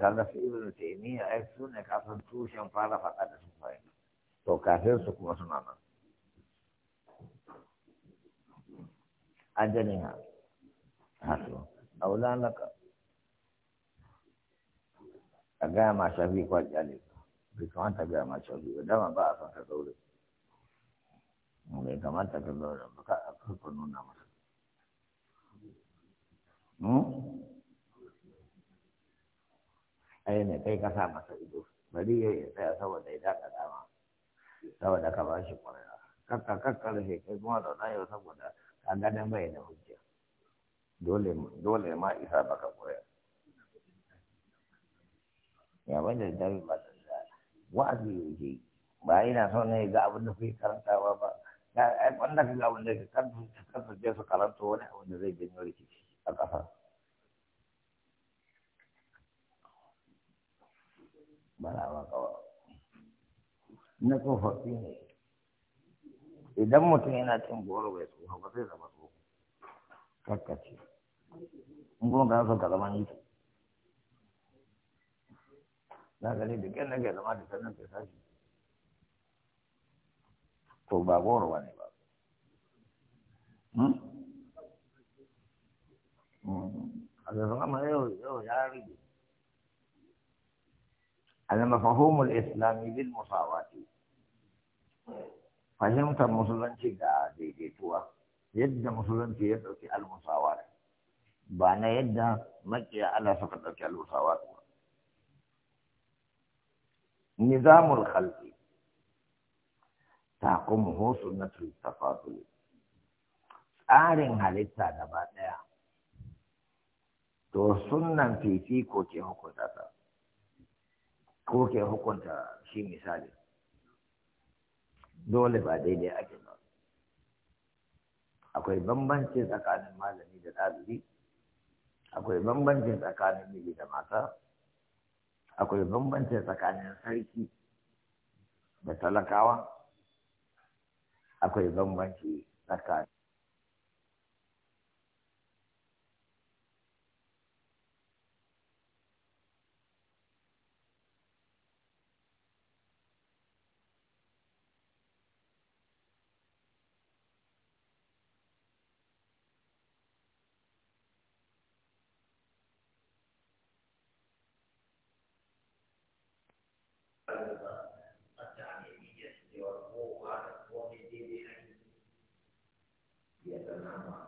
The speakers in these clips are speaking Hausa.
kaga su ibn taymiya ai su ne kafin tushen fara faɗa da su fa'i to kafin su kuma suna nan ajaliha hasu aula laka a gaya ma shafi kwajali bai kamata gaya ma shafi ba dama ba a san ka zaure bai kamata ka zaure ba ka nuna masa hmm? ai ne kai ka sa masa ido bari ya yi tsaya saboda ya daɗa dama saboda ka ba shi kwarewa kakka kakka da kai kuma da ɗaya saboda ka ganin bai da hujja dole ma isa baka kwarewa ya bada da dare ba da wa'azi yi. ba yana son ne ga abin da kuke karanta ba ba? wanda ka ga abin da ka karanta su wani abin da zai janyo rikici a ƙasa barawa kawai na tsofaffi ne idan mutum yana cin goro bai tsofa ba sai zama tsofa kakkace in kuma ka so ka zama ni za ka da kyan nake zama da sannan ka sashi to ba goro ba ne ba hmm? Hmm. a zama yau yau ya rige المفهوم الإسلامي للمساواة فهمت musulunci ga daidaituwa yadda musulunci ya ɗauki al-musawat ba na yadda makiya Allah suka ɗauki al-musawat ba nizamul khalqi taqumuhu sunnatul tafadul tsarin halitta gaba ɗaya to sunnan ko ke hukunta ta ko ke hukunta shi misali dole ba daidai ake ba akwai bambanci tsakanin malami da ɗalibi akwai bambanci tsakanin miji da mata akwai bambanci tsakanin sarki da talakawa akwai bambanci tsakanin biasa nama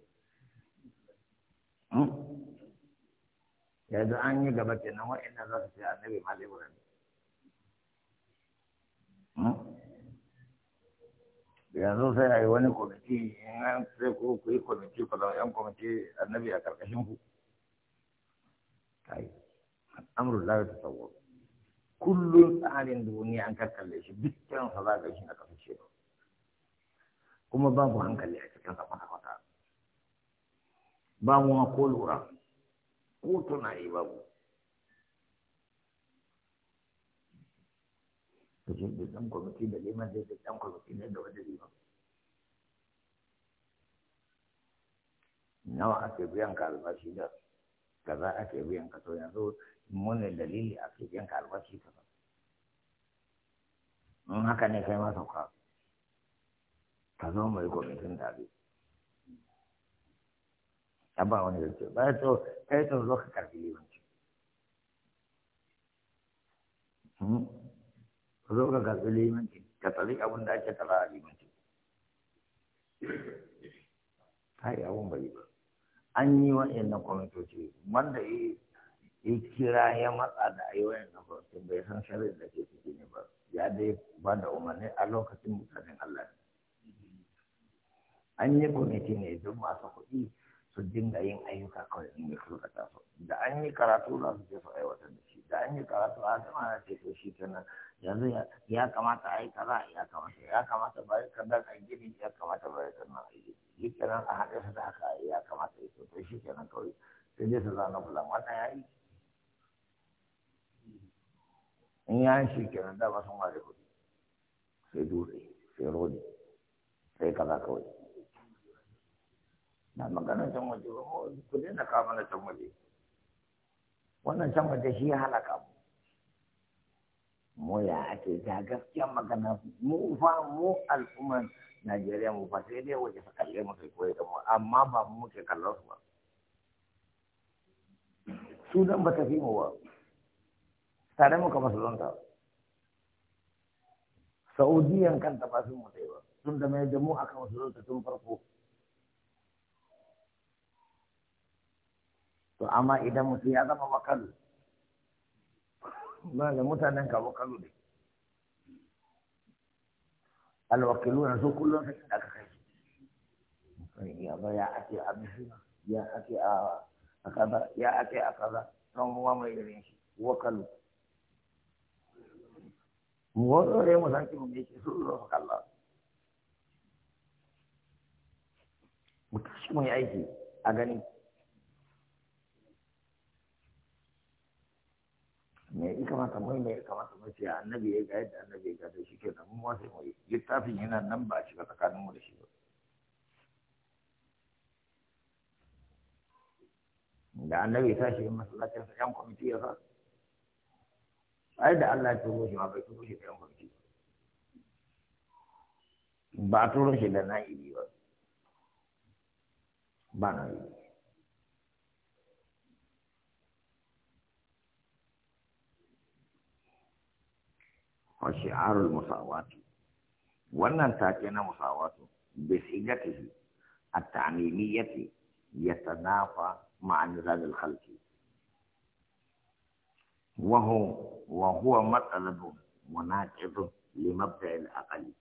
Hmm? yanzu an yi gaba kenan wa'annan za su ce annabi ma zai wurin hmm? yanzu sai a yi wani kwamiti in an sai ko ku yi kwamiti ku zama yan kwamiti annabi a karkashin ku kai amrul ta tsawo kullum tsarin duniya an karkalle shi dukkan sa za ka shi na kafa kuma babu hankali a cikin sa ba mu ko lura ko ba babu ka ce da ɗan kwamiti da liman zai da ɗan kwamiti ne da wanda liman nawa ake biyan ka albashi da kaza ake biyan ka to yanzu mune dalili ake biyan ka albashi kaza in haka ne kai ma sauka ka zo mai kwamitin tare a ba wani zance ba ya to kai to zo ka karfi limanci hmm? ka zo ka karfi limanci ka tsari abin da ake tsara a limanci kai abin bai ba an yi wa wa'annan kwamitoci wanda ya kira ya matsa da a yi wa wa'annan kwamitin bai san shari'ar da ke ciki ne ba ya dai ba da umarni a lokacin mutanen Allah an yi kwamiti ne don masu kuɗi su dinga yin ayyuka kawai in da suka taso da an yi karatu za su je su aiwatar da shi da an yi karatu a zama na ce shi kenan yanzu ya kamata a yi kaza ya kamata ya kamata ka kadar a gini ya kamata bari kadar a gini shi kenan a haɗe su da haka ya kamata ya to to shi kenan kawai sai dai su zana bulan wannan ya yi in ya yi shi kenan da ba sun ware kudi sai dure sai rodi sai kaza kawai na maganar can waje ba ku na kama na can waje wannan can waje shi ya halaka mu mu ya ake ta gaskiya magana mu fa mu al'ummar Najeriya mu fa sai dai waje fa kalle mu kai koyi da mu amma ba mu muke kallon su ba su dan ba ta fi mu ba tare muka musulunta Saudiyan kanta ba su mu ba tun da mai da mu aka musulunta tun farko to amma idan mutum ya zama makalu ba da mutanen ka makalu ne alwakilu na su kullum sai da aka kai su ya ba ya ake a bishina ya ake a kaza ya ake a kaza don ruwa mai da shi wakalu mu wato dai mu san kimu ne ke so zo kallon mu tashi mu yi aiki a ganin kamata mai ne ya kamata mu ce annabi ya ga yadda annabi ya gada da shi ke da mu wasu mai littafin yana nan ba a shiga tsakanin mu da shi ba da annabi ya tashi yin masallacin sa yan kwamiti ya sa ai da Allah ya turo shi ma bai turo shi da yan kwamiti ba a turo shi da na'ibi ba ba na'ibi وشعار المساوات وانا تاتينا مساوات بسيجته التعميمية يتنافى مع نزال الخلق وهو وهو مسألة مناقض لمبدأ الأقل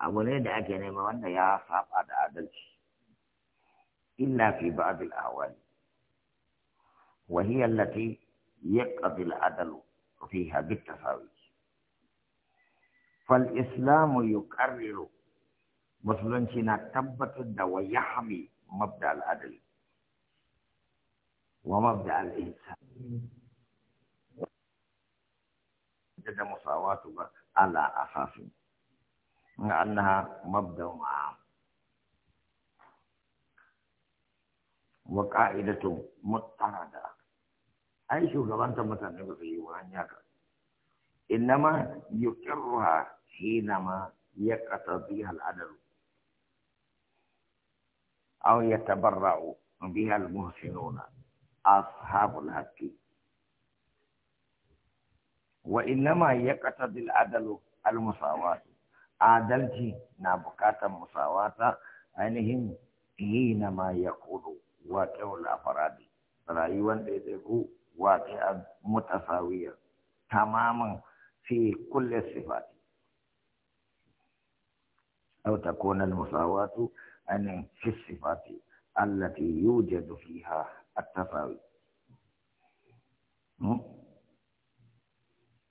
أبو نيد أكينا ما وانا يا صاحب أدادك إلا في بعض الأهوال وهي التي يقضي العدل فيها بالتفاوت فالإسلام يكرر يقرر شنا تبت ويحمي مبدأ العدل ومبدأ الإنسان جد مساواتها على أساس أنها مبدأ عام وقائدة مضطردة أي شو غلطة مثلا يقول إنما يقرها حينما يقتضيها العدل أو يتبرع بها المحسنون أصحاب الحق وإنما يقتضي العدل المساواة عدلتي نابكات مساواة أنهم حينما يقول واقع الأفراد رأيوا لديه واقعا متساويا تماما في كل الصفات أو تكون المساواة أن في الصفات التي يوجد فيها التساوي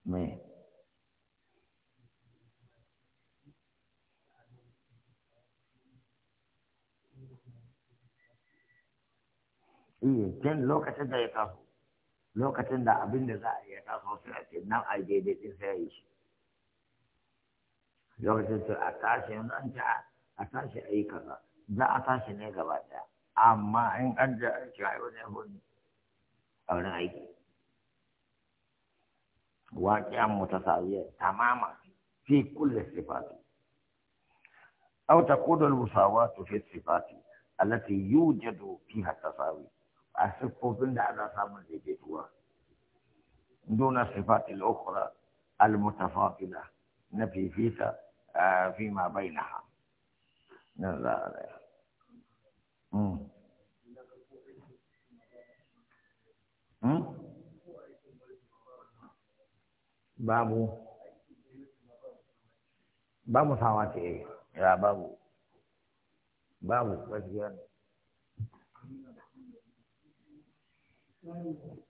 مين iya can lokacin da ya taso lokacin da abin da za a iya taso sai a ce nan a daidai sai ya yi shi lokacin to a tashi in an ci a tashi a yi kaza za a tashi ne gaba ɗaya amma in an da aiki a wani abu ne a wurin aiki waƙiyan mutasawiyar tamama fi kulle sifati أو تكون المساواة في الصفات التي يوجد فيها التساوي الصفوف على سامن ديتوا دون الصفات الأخرى المتفاضلة نفي فيها ma فيما بينها نظر babu babu sawa ce ya babu babu gaskiya ne